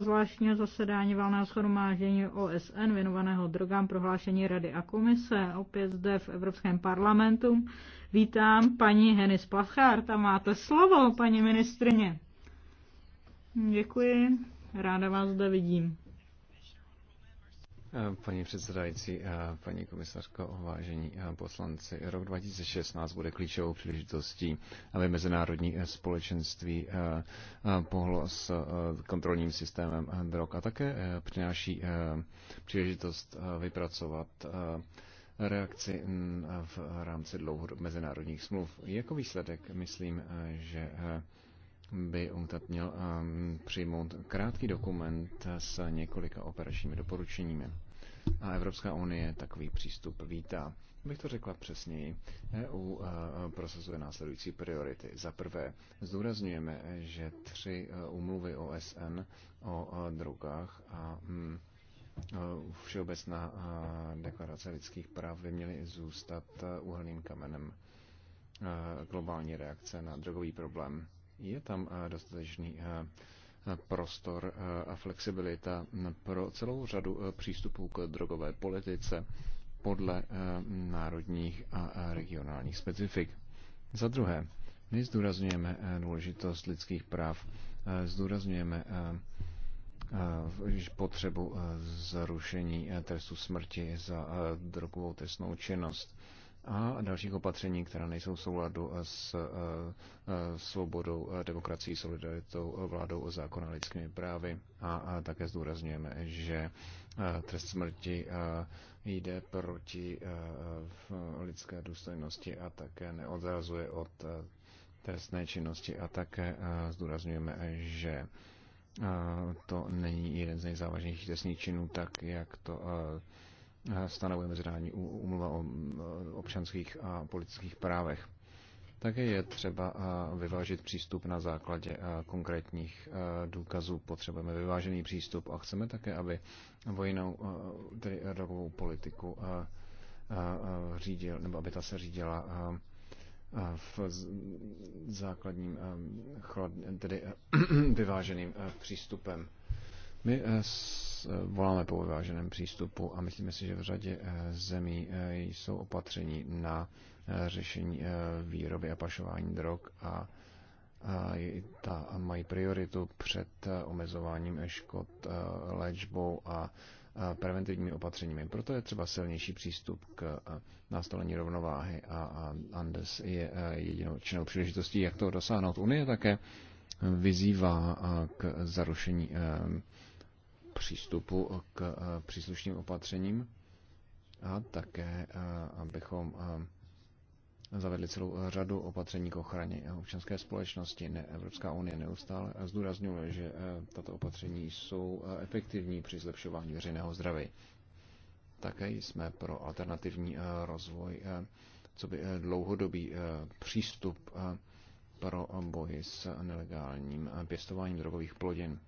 zvláštního zasedání valného shromáždění OSN věnovaného drogám prohlášení Rady a komise, opět zde v Evropském parlamentu. Vítám paní Henis Plachart a máte slovo, paní ministrině. Děkuji, ráda vás zde vidím. Eh, paní předsedající, eh, paní komisařko, vážení eh, poslanci, rok 2016 bude klíčovou příležitostí, aby mezinárodní společenství pohlo s kontrolním systémem drog a také přináší příležitost vypracovat reakci mm, v rámci dlouhodobých mezinárodních smluv. Jako výsledek myslím, že by UNCTAD měl přijmout krátký dokument s několika operačními doporučeními a Evropská unie takový přístup vítá. Bych to řekla přesněji. EU e, prosazuje následující priority. Za prvé, zdůrazňujeme, že tři umluvy e, OSN o e, drogách a hm, Všeobecná deklarace lidských práv by měly zůstat uhelným kamenem globální reakce na drogový problém. Je tam dostatečný prostor eh, a flexibilita pro celou řadu eh, přístupů k drogové politice podle eh, národních a regionálních specifik. Za druhé, my zdůrazňujeme důležitost lidských práv, zdůrazňujeme potřebu zrušení trestu smrti za drogovou trestnou činnost a dalších opatření, která nejsou v souladu s eh, eh, svobodou, eh, demokracií, solidaritou, vládou o zákona lidskými právy. A také zdůrazňujeme, že trest smrti jde proti lidské důstojnosti a také neodrazuje od trestné činnosti a také zdůrazňujeme, že to není jeden z nejzávažnějších trestných činů, tak jak to stanovuje mezinárodní úmluva o eh, občanských a politických právech. Také je třeba eh, vyvážit přístup na základě eh, konkrétních důkazů. Potřebujeme vyvážený přístup a chceme také, aby vojnou, tedy rokovou politiku řídil, nebo aby ta se řídila v základním, tedy vyváženým přístupem. My Eh, voláme po vyváženém přístupu a myslíme si, že v řadě eh, zemí eh, jsou opatření na řešení výroby a pašování drog a ta mají prioritu před omezováním škod léčbou a preventivními opatřeními. Proto je třeba silnější přístup k nastolení rovnováhy a Andes je jedinečnou příležitostí, jak to dosáhnout. Unie také vyzývá k zarušení přístupu k eh, příslušným opatřením a také, eh, abychom eh, zavedli celou řadu opatření k ochraně občanské společnosti. Ne, Evropská unie neustále zdůrazňuje, že tato opatření jsou efektivní při zlepšování veřejného zdraví. Také jsme pro alternativní rozvoj co by dlouhodobý přístup pro boj s nelegálním pěstováním drogových plodin.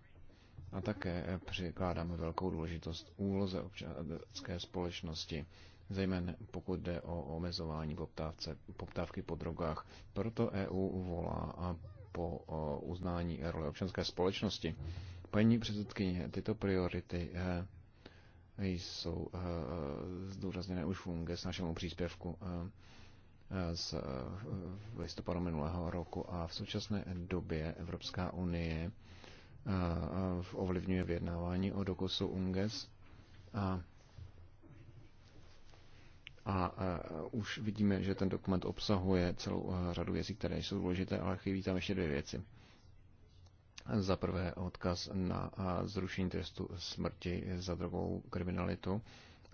A také eh, přikládáme velkou důležitost úloze občanské společnosti, zejména pokud jde o omezování poptávce, poptávky po drogách. Proto EU volá a po eh, uznání role občanské společnosti. Paní předsedkyně, tyto priority eh, jsou zdůrazněné už v UNGES našemu příspěvku z listopadu minulého roku a v současné době Evropská unie ovlivňuje vyjednávání o dokusu UNGES. A, a, a už vidíme, že ten dokument obsahuje celou řadu věcí, které jsou důležité, ale chybí tam ještě dvě věci. Za prvé odkaz na zrušení trestu smrti za drogovou kriminalitu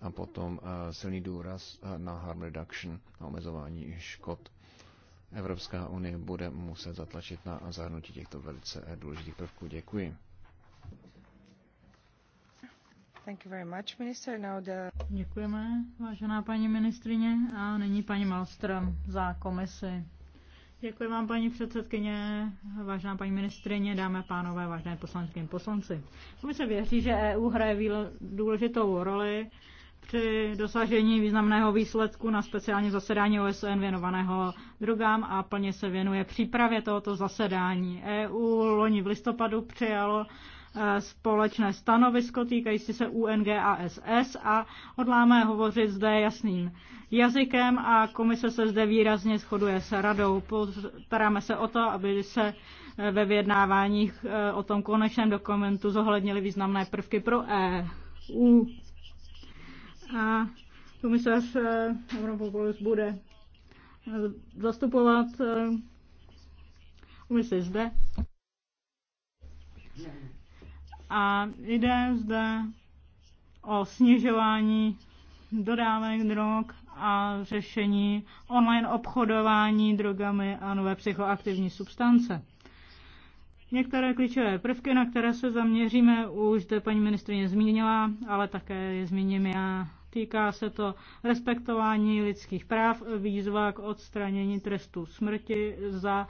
a potom silný důraz na harm reduction, na omezování škod Evropská unie bude muset zatlačit na zahrnutí těchto velice důležitých prvků. Děkuji. Thank you very much, minister. Now the... Děkujeme, vážená paní ministrině. A nyní paní Malstrom za komisi. Děkuji vám, paní předsedkyně, vážená paní ministrině, dámy a pánové, vážené poslankyně poslanci. Komise věří, že EU hraje důležitou roli při dosažení významného výsledku na speciálním zasedání OSN věnovaného drogám a plně se věnuje přípravě tohoto zasedání. EU loni v listopadu přijalo e, společné stanovisko týkající se UNG a SS a odláme hovořit zde jasným jazykem a komise se zde výrazně shoduje s radou. Staráme se o to, aby se e, ve vyjednáváních e, o tom konečném dokumentu zohlednili významné prvky pro EU a komisař Europopoulos bude eh, zastupovat komisi eh, zde. A jde zde o snižování dodávek drog a řešení online obchodování drogami a nové psychoaktivní substance. Některé klíčové prvky, na které se zaměříme, už zde paní ministrině zmínila, ale také je zmíním já. Týká se to respektování lidských práv, výzva k odstranění trestu smrti za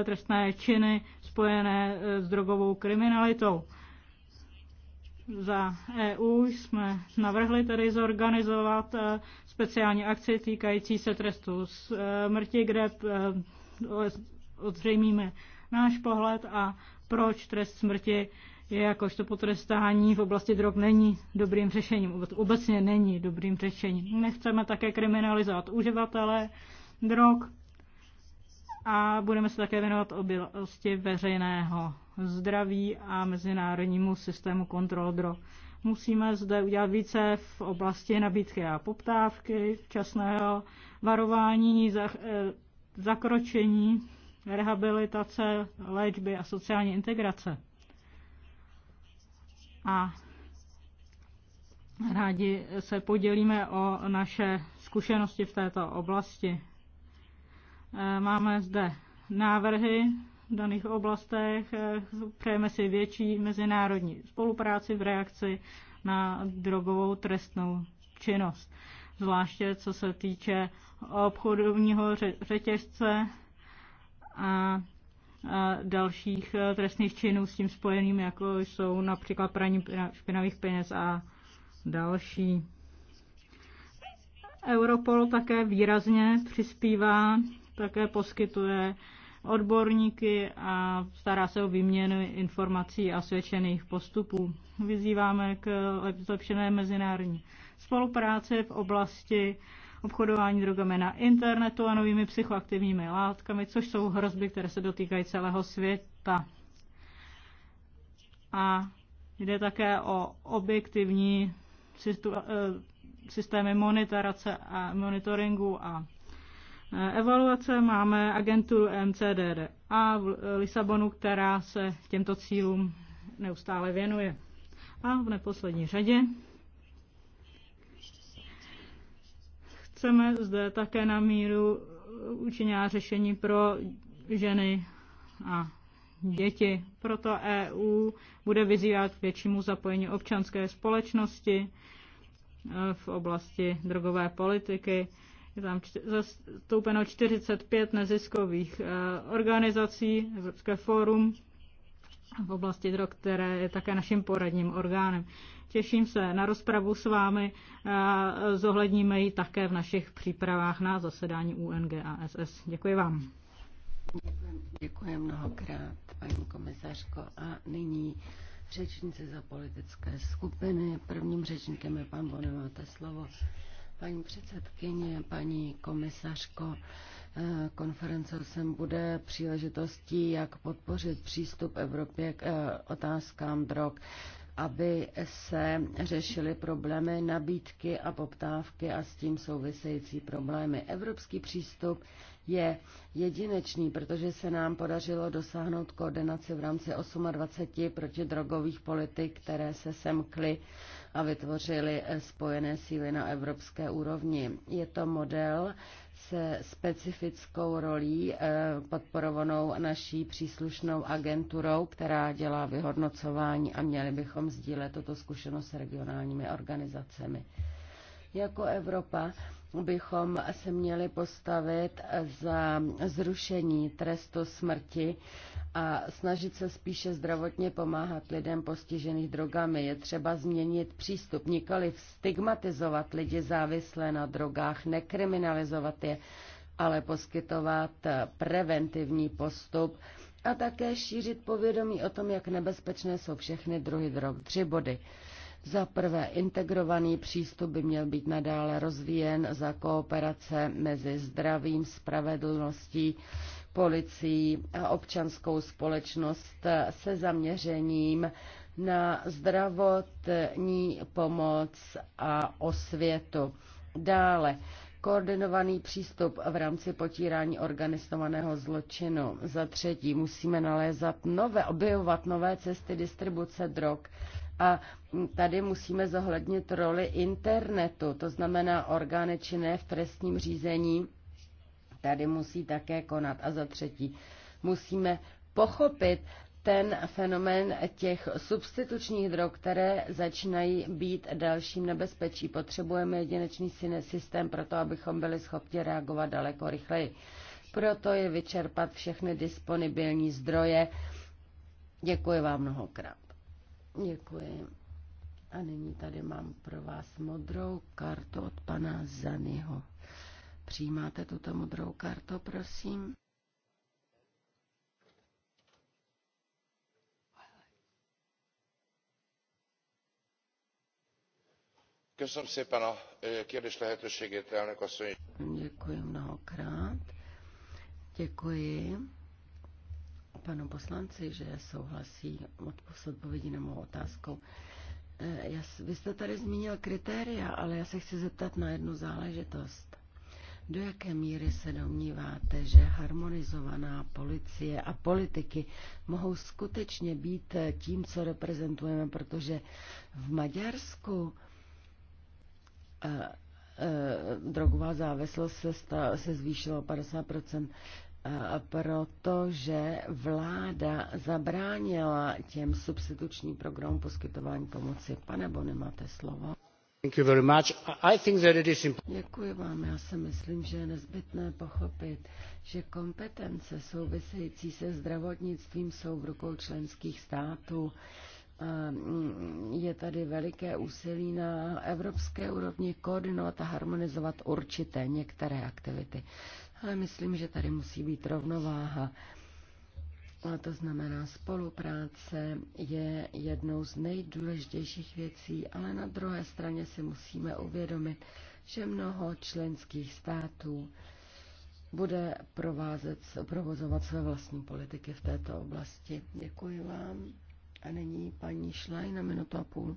e, trestné činy spojené eh, s drogovou kriminalitou. Za EU jsme navrhli tedy zorganizovat e, speciální akci týkající se trestu smrti, kde e, odřejmíme náš pohled a proč trest smrti je jakožto potrestání v oblasti drog není dobrým řešením. Obecně není dobrým řešením. Nechceme také kriminalizovat uživatele drog a budeme se také věnovat oblasti veřejného zdraví a mezinárodnímu systému kontrol drog. Musíme zde udělat více v oblasti nabídky a poptávky, včasného varování, eh, zakročení rehabilitace, léčby a sociální integrace. A rádi se podělíme o naše zkušenosti v této oblasti. Eh, máme zde návrhy v daných oblastech, eh, přejeme si větší mezinárodní spolupráci v reakci na drogovou trestnou činnost. Zvláště co se týče obchodovního řetězce a dalších e, trestných činů s tím spojeným, jako jsou například praní špinavých peněz a další. Europol také výrazně přispívá, také poskytuje odborníky a stará se o výměnu informací a svědčených postupů. Vyzýváme k zlepšené mezinárodní spolupráci v oblasti obchodování drogami na internetu a novými psychoaktivními látkami, což jsou hrozby, které se dotýkají celého světa. A jde také o objektivní eh, systémy monitorace a monitoringu a eh, evaluace. Máme agenturu a v Lisabonu, která se těmto cílům neustále věnuje. A v neposlední řadě Chceme zde také na míru učiněná řešení pro ženy a děti. Proto EU bude vyzývat k většímu zapojení občanské společnosti e, v oblasti drogové politiky. Je tam zastoupeno 45 neziskových e, organizací, Evropské fórum v oblasti drog, které je také naším poradním orgánem. Těším se na rozpravu s vámi. Zohledníme ji také v našich přípravách na zasedání UNGASS. Děkuji vám. Děkuji mnohokrát, paní komisařko. A nyní řečnice za politické skupiny. Prvním řečníkem je pan Bony, máte slovo. Paní předsedkyně, paní komisařko, eh, konference sem bude příležitostí, jak podpořit přístup Evropě k eh, otázkám drog aby se řešily problémy nabídky a poptávky a s tím související problémy. Evropský přístup je jedinečný, protože se nám podařilo dosáhnout koordinaci v rámci 28 protidrogových politik, které se semkly a vytvořily spojené síly na evropské úrovni. Je to model, se specifickou rolí eh, podporovanou naší příslušnou agenturou, která dělá vyhodnocování a měli bychom sdílet toto zkušenost s regionálními organizacemi. Jako Evropa bychom se měli postavit za zrušení trestu smrti a snažit se spíše zdravotně pomáhat lidem postižených drogami. Je třeba změnit přístup, nikoli stigmatizovat lidi závislé na drogách, nekriminalizovat je, ale poskytovat preventivní postup a také šířit povědomí o tom, jak nebezpečné jsou všechny druhy drog. Tři body. Za prvé, integrovaný přístup by měl být nadále rozvíjen za kooperace mezi zdravím, spravedlností, policií a občanskou společnost se zaměřením na zdravotní pomoc a osvětu. Dále, koordinovaný přístup v rámci potírání organizovaného zločinu. Za třetí, musíme nalézat nové, objevovat nové cesty distribuce drog a tady musíme zohlednit roli internetu, to znamená orgány činné v trestním řízení. Tady musí také konat. A za třetí, musíme pochopit ten fenomén těch substitučních drog, které začínají být dalším nebezpečí. Potřebujeme jedinečný systém pro to, abychom byli schopni reagovat daleko rychleji. Proto je vyčerpat všechny disponibilní zdroje. Děkuji vám mnohokrát. Děkuji. A nyní tady mám pro vás modrou kartu od pana Zanyho. Přijímáte tuto modrou kartu, prosím? Děkuji mnohokrát. Děkuji panu poslanci, že souhlasí s odpovědí na mou otázku. Eh, já, vy jste tady zmínil kritéria, ale já se chci zeptat na jednu záležitost. Do jaké míry se domníváte, že harmonizovaná policie a politiky mohou skutečně být tím, co reprezentujeme, protože v Maďarsku eh, eh, drogová závislost se, sta, se zvýšila o 50% protože vláda zabránila těm substitučním programům poskytování pomoci. Pane Bony, máte slovo. Thank you very much. I think that it is Děkuji vám. Já si myslím, že je nezbytné pochopit, že kompetence související se zdravotnictvím jsou v rukou členských států ehm, je tady veliké úsilí na evropské úrovni koordinovat a harmonizovat určité některé aktivity ale myslím, že tady musí být rovnováha. A to znamená, spolupráce je jednou z nejdůležitějších věcí, ale na druhé straně si musíme uvědomit, že mnoho členských států bude provázet, provozovat své vlastní politiky v této oblasti. Děkuji vám. A nyní paní Šlaj na minutu a půl.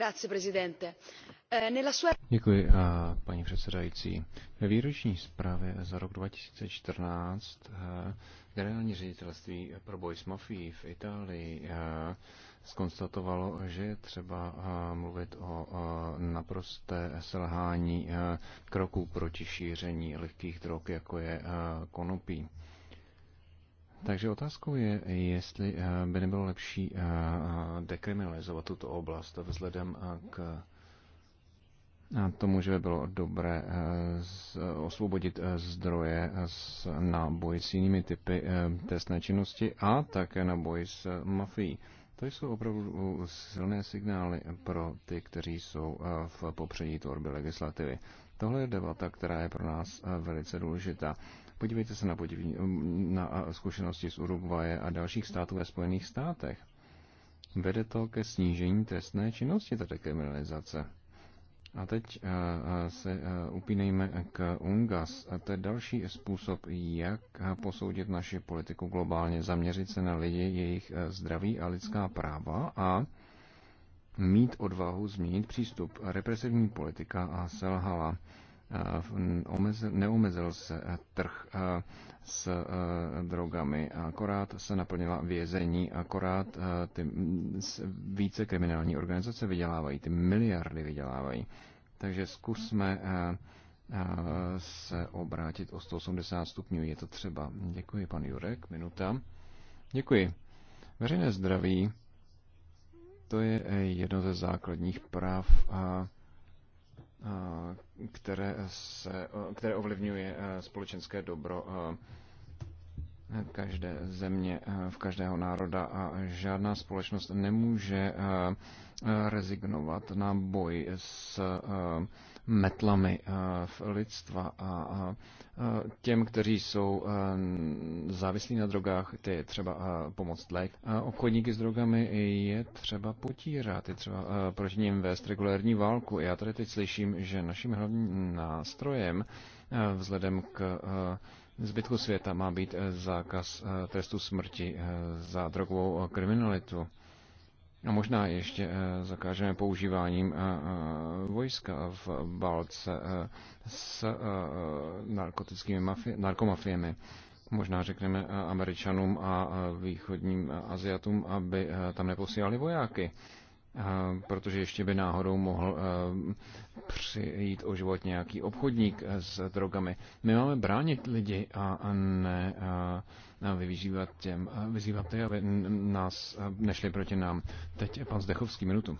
Eh, Děkuji, eh, paní předsedající. Ve výroční zprávě za rok 2014 eh, generální ředitelství pro boj s mafií v Itálii skonstatovalo, že je třeba mluvit o naprosté selhání kroků proti šíření lehkých drog, jako je konopí. Takže otázkou je, jestli eh, by nebylo lepší eh, dekriminalizovat tuto oblast vzhledem eh, k tomu, že by bylo dobré osvobodit zdroje na boj s jinými typy trestné činnosti a také na boj s mafií. To jsou opravdu silné signály pro ty, kteří jsou v popředí tvorby legislativy. Tohle je debata, která je pro nás velice důležitá. Podívejte se na, podiv, na zkušenosti z Uruguaje a dalších států ve Spojených státech. Vede to ke snížení trestné činnosti, tato kriminalizace. A teď se upínejme k UNGAS. A to je další způsob, jak posoudit naši politiku globálně, zaměřit se na lidi, jejich zdraví a lidská práva a mít odvahu změnit přístup. Represivní politika a selhala. Eh, neomezil se eh, trh eh, s drogami, akorát se naplnila vězení, akorát ty více kriminální organizace vydělávají, ty miliardy vydělávají. Takže zkusme se obrátit o 180 stupňů, je to třeba. Děkuji, pan Jurek, minuta. Děkuji. Veřejné zdraví, to je jedno ze základních práv a které, se, které ovlivňuje eh, společenské dobro eh, každé země, eh, v každého národa a žádná společnost nemůže rezignovat na boj s metlami eh, v lidstva a eh, těm, kteří jsou eh, závislí na drogách, ty je třeba pomoct lék. A obchodníky s drogami je třeba potírat, je třeba proti ním vést regulérní válku. Já tady teď slyším, že naším hlavním nástrojem vzhledem k zbytku světa má být zákaz trestu smrti za drogovou kriminalitu. A no možná ještě eh, zakážeme používáním eh, eh, vojska v Balce s narkotickými mafie, narkomafiemi. Možná řekneme Američanům a východním Aziatům, aby tam neposílali vojáky, protože ještě by náhodou mohl přijít o život nějaký obchodník s drogami. My máme bránit lidi a ne vyvížívat těm, vyzývat tě, aby nás nešli proti nám. Teď je pan Zdechovský minutu.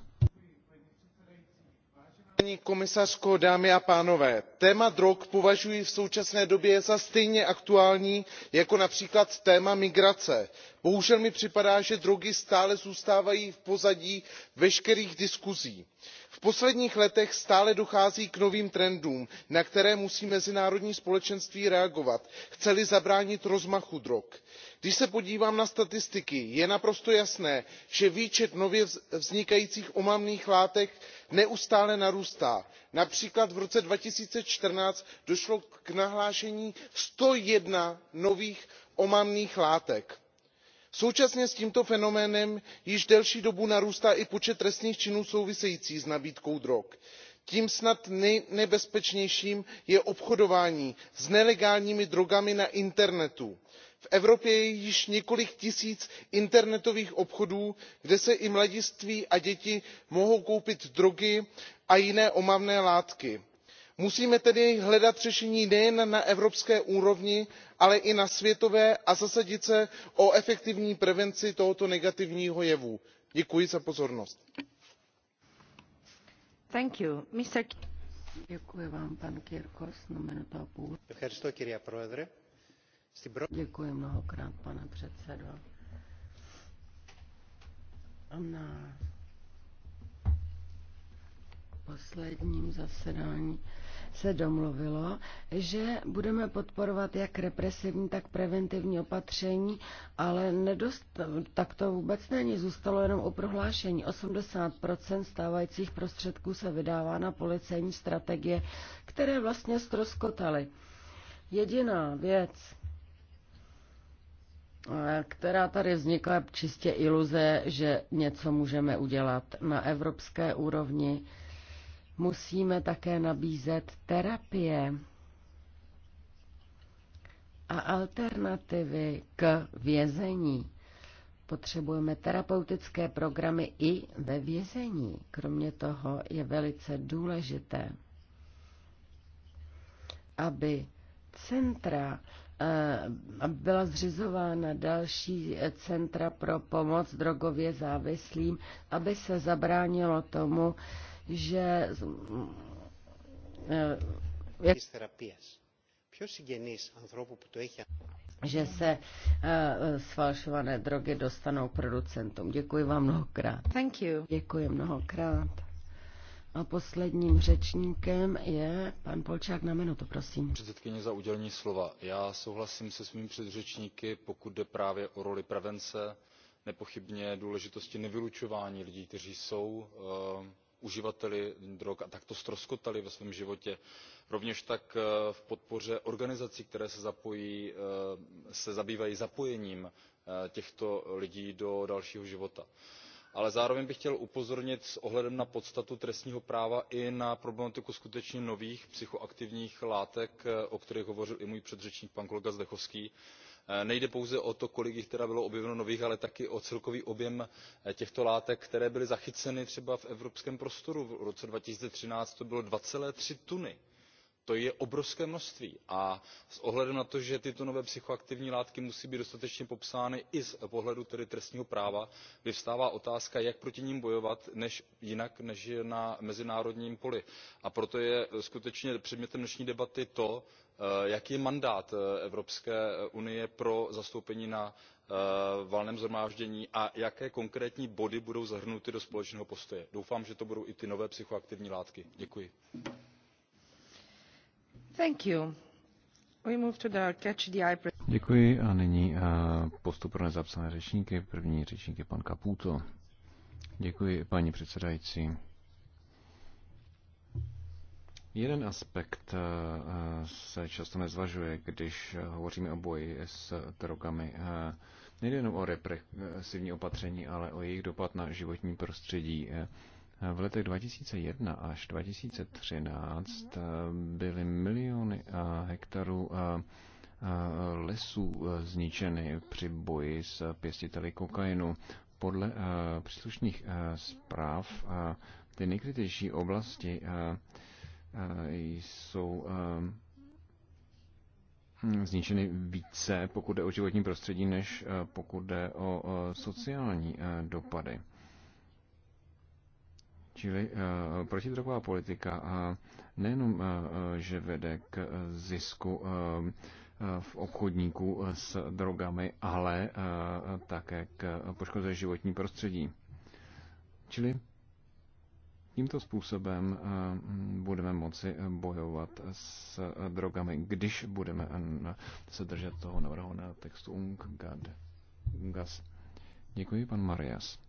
Paní komisařko, dámy a pánové, téma drog považuji v současné době za stejně aktuální jako například téma migrace bohužel mi připadá že drogy stále zůstávají v pozadí veškerých diskusí. v posledních letech stále dochází k novým trendům na které musí mezinárodní společenství reagovat chce li zabránit rozmachu drog. když se podívám na statistiky je naprosto jasné že výčet nově vznikajících omamných látek neustále narůstá. například v roce two thousand and fourteen došlo k nahlášení one hundred and one nových omamných látek současně s tímto fenoménem již delší dobu narůstá i počet trestných činů souvisejících s nabídkou drog. tím snad nejnebezpečnějším je obchodování s nelegálními drogami na internetu. v evropě je již několik tisíc internetových obchodů kde si i mladiství a děti mohou koupit drogy a jiné omamné látky musíme tedy hledat řešení nejen na evropské úrovni ale i na světové a zasadit se o efektivní prevenci tohoto negativního jevu. děkuji za pozornost se domluvilo, že budeme podporovat jak represivní, tak preventivní opatření, ale nedost, tak to vůbec není. Zůstalo jenom u prohlášení. 80% stávajících prostředků se vydává na policejní strategie, které vlastně stroskotaly. Jediná věc, která tady vznikla čistě iluze, že něco můžeme udělat na evropské úrovni, Musíme také nabízet terapie a alternativy k vězení. Potřebujeme terapeutické programy i ve vězení. Kromě toho je velice důležité, aby centra Eh, byla zřizována další centra pro pomoc drogově závislým, aby se zabránilo tomu, že eh, že se uh, sfalšované drogy dostanou producentům. Děkuji vám mnohokrát. Thank you. Děkuji mnohokrát. A posledním řečníkem je pan Polčák na minutu, prosím. Předsedkyně za udělení slova. Já souhlasím se svými předřečníky, pokud jde právě o roli prevence, nepochybně důležitosti nevylučování lidí, kteří jsou uh, uživateli drog a takto ztroskotali ve svém životě. rovněž tak eh, v podpoře organizací které se, zapojí, eh, se zabývají zapojením těchto lidí do dalšího života ale zároveň bych chtěl upozornit s ohledem na podstatu trestního práva i na problematiku skutečně nových psychoaktivních látek eh, o kterých hovořil i můj předřečník pan kolega zdechovský. Eh, nejde pouze o to kolik jich bylo objeveno nových ale také o celkový objem eh, těchto látek které byly zachyceny třeba v evropském prostoru v roce two thousand and thirteen to bylo two three tuny to je obrovské množství a s ohledem na to že tyto nové psychoaktivní látky musí být dostatečně popsány i z pohledu trestního práva vyvstává otázka jak proti nim bojovat jinak než na mezinárodním poli a proto je skutečně předmětem dnešní debaty to eh, jaký je mandát eh, evropské eh, unie pro zastoupení na valném shromáždění a jaké konkrétní body budou zahrnuty do společného postoje. doufám že to budou i ty nové psychoaktivní látky. děkuji. Děkuji a nyní eh, postup pro nezapsané řečníky. První řečník je pan Kaputo. Děkuji, paní předsedající. Jeden aspekt eh, se často nezvažuje, když hovoříme o boji s drogami. Eh, nejde jenom o represivní opatření, ale o jejich dopad na životní prostředí, v letech 2001 až 2013 eh, byly miliony eh, hektarů eh, lesů zničeny při boji s pěstiteli kokainu. Podle příslušných zpráv ty nejkritější oblasti jsou zničeny více, pokud jde o životní prostředí, než pokud jde o sociální dopady. Čili uh, protidrogová politika uh, nejenom, uh, že vede k zisku uh, v obchodníků s drogami, ale uh, také k poškození životní prostředí. Čili tímto způsobem budeme moci bojovat s drogami, když budeme se držet toho navrhovaného textu UNGAS. Děkuji, pan Marias.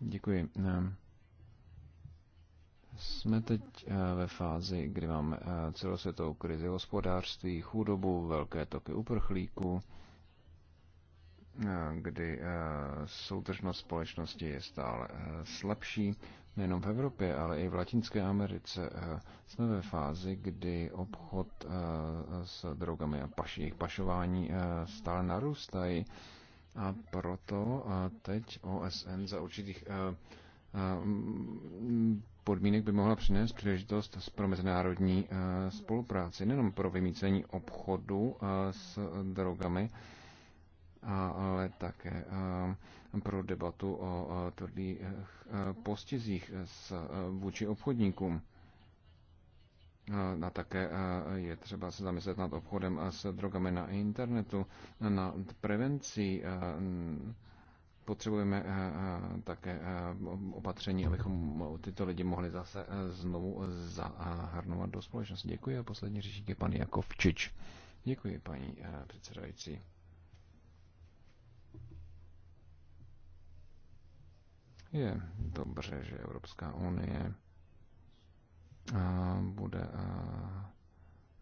Děkuji. Ehm, jsme teď eh, ve fázi, kdy máme eh, celosvětovou krizi hospodářství, chudobu, velké toky uprchlíků, eh, kdy soudržnost společnosti je stále slabší, nejenom v Evropě, ale i v Latinské Americe. Jsme ve fázi, kdy obchod s drogami a jejich pašování stále narůstají a proto teď OSN za určitých podmínek by mohla přinést příležitost pro mezinárodní spolupráci, nejenom pro vymícení obchodu s drogami, ale také pro debatu o tvrdých postizích vůči obchodníkům. A také je třeba se zamyslet nad obchodem s drogami na internetu, na prevencí. Potřebujeme také opatření, abychom tyto lidi mohli zase znovu zahrnovat do společnosti. Děkuji a poslední řečník je pan Jakovčič. Děkuji, paní předsedající. Je dobře, že Evropská unie bude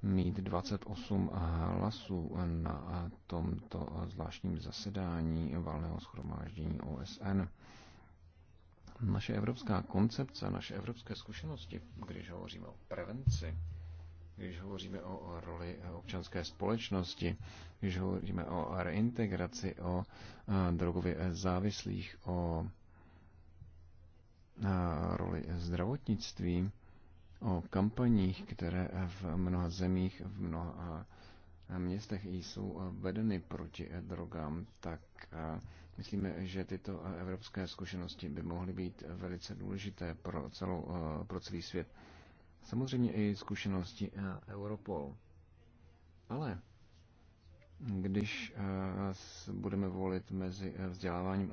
mít 28 hlasů na tomto zvláštním zasedání valného schromáždění OSN. Naše evropská koncepce, naše evropské zkušenosti, když hovoříme o prevenci, když hovoříme o roli občanské společnosti, když hovoříme o reintegraci, o drogově závislých, o roli zdravotnictví, o kampaních, které v mnoha zemích, v mnoha městech jsou vedeny proti e, drogám, tak myslíme, že tyto evropské zkušenosti by mohly být velice důležité pro, celou, pro celý svět. Samozřejmě i zkušenosti Europol. Ale když budeme volit mezi e, vzděláváním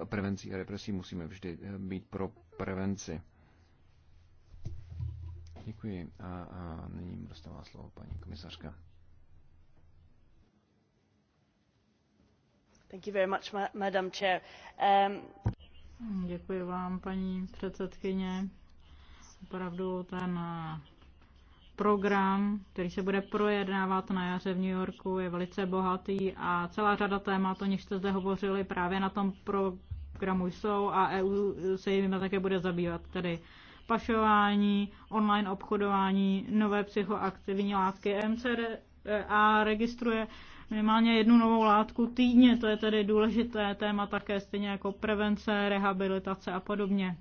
a prevencí a represí, musíme vždy e, být pro prevenci. Děkuji a, a nyní dostává slovo paní komisařka. Thank you very much, Madam Chair. Um... Děkuji vám, paní předsedkyně. Opravdu ten eh, program, který se bude projednávat na jaře v New Yorku, je velice bohatý a celá řada témat, o nich jste zde hovořili, právě na tom programu jsou a EU se jimi také bude zabývat. Tedy pašování, online obchodování, nové psychoaktivní látky MCA registruje minimálně jednu novou látku týdně. To je tedy důležité téma také stejně jako prevence, rehabilitace a podobně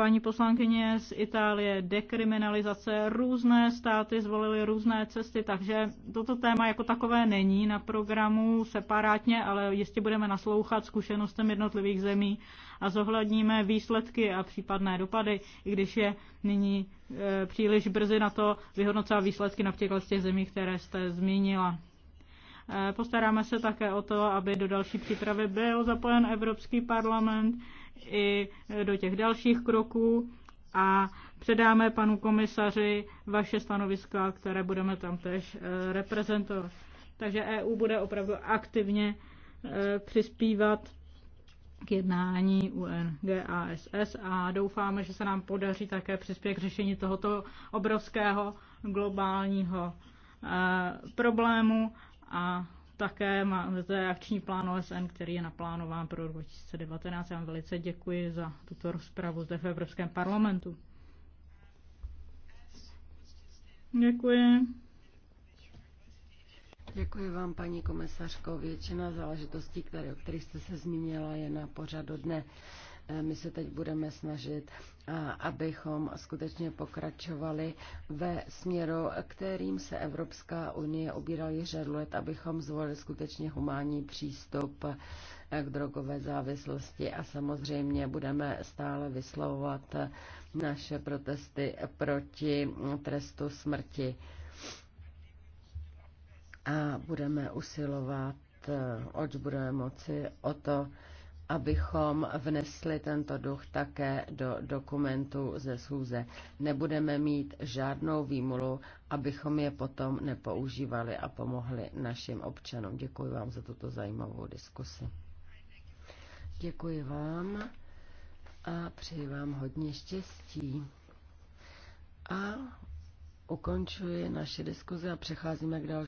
paní poslankyně z Itálie, dekriminalizace. Různé státy zvolily různé cesty, takže toto téma jako takové není na programu separátně, ale jistě budeme naslouchat zkušenostem jednotlivých zemí a zohledníme výsledky a případné dopady, i když je nyní e, příliš brzy na to vyhodnocovat výsledky například z těch zemí, které jste zmínila. E, postaráme se také o to, aby do další přípravy byl zapojen Evropský parlament i do těch dalších kroků a předáme panu komisaři vaše stanoviska, které budeme tam tež eh, reprezentovat. Takže EU bude opravdu aktivně eh, přispívat k jednání UNGASS a doufáme, že se nám podaří také přispět k řešení tohoto obrovského globálního eh, problému a také máme zde akční plán OSN, který je naplánován pro 2019. Já vám velice děkuji za tuto rozpravu zde v Evropském parlamentu. Děkuji. Děkuji vám, paní komisařko. Většina záležitostí, které, o kterých jste se zmínila, je na pořadu dne. Eh, my se teď budeme snažit, eh, abychom skutečně pokračovali ve směru, kterým se Evropská unie obírala již let, abychom zvolili skutečně humánní přístup eh, k drogové závislosti a samozřejmě budeme stále vyslovovat naše protesty proti mm, trestu smrti. A budeme usilovat, oč budeme moci, o to, abychom vnesli tento duch také do dokumentu ze schůze. Nebudeme mít žádnou výmulu, abychom je potom nepoužívali a pomohli našim občanům. Děkuji vám za tuto zajímavou diskusi. Děkuji vám a přeji vám hodně štěstí. A ukončuji naše diskuze a přecházíme k další.